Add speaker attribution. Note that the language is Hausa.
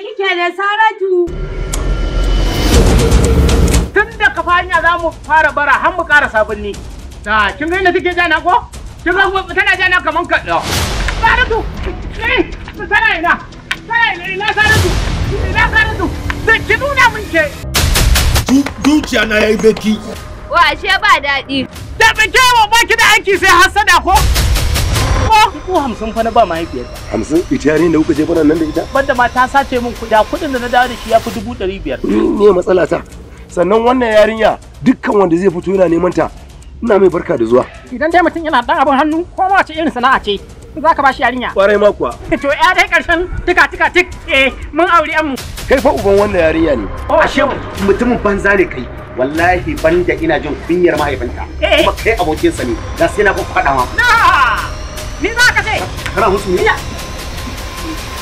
Speaker 1: kike ne Saratu? Tun da ka farinya za mu fara bara har mu ƙara sabunni. Ta kin ga inda take jana ko? Kin ga tana jana kaman kaɗa. Saratu! Eh, tana ina. Tana ina
Speaker 2: ina Saratu. Ina Saratu. Da ki nuna min ke.
Speaker 3: Dukiya na yayi beki.
Speaker 2: Wa ashe ba daɗi. Da bike wa ki da aiki sai hasada ko?
Speaker 3: Dubu hamsin fa na ba mahaifiyarta.
Speaker 4: Hamsin ita yari da kuka je nan da ita?
Speaker 2: Banda
Speaker 3: ma ta sace min kuɗa kuɗin da na dawo da shi ya fi dubu ɗari biyar. Ni ne matsala ta. Sannan wannan
Speaker 5: yarinya dukkan wanda zai fito yana neman ta ina mai barka da zuwa.
Speaker 6: Idan dai mutum yana ɗan abin hannu ko ma wace irin sana'a ce. za ka bashi yarinya. Kwarai ma kuwa. To ya dai karshen tika tika tik eh mun aure mu.
Speaker 7: Kai fa uban wannan yarinya ne. Oh, ashe mutumin banza ne kai. Wallahi banda ina jin kunyar mahaifinta. Eh. Kuma kai abokinsa ne. Da sai na faɗa ma.
Speaker 3: खड़ा हूँ सुनिए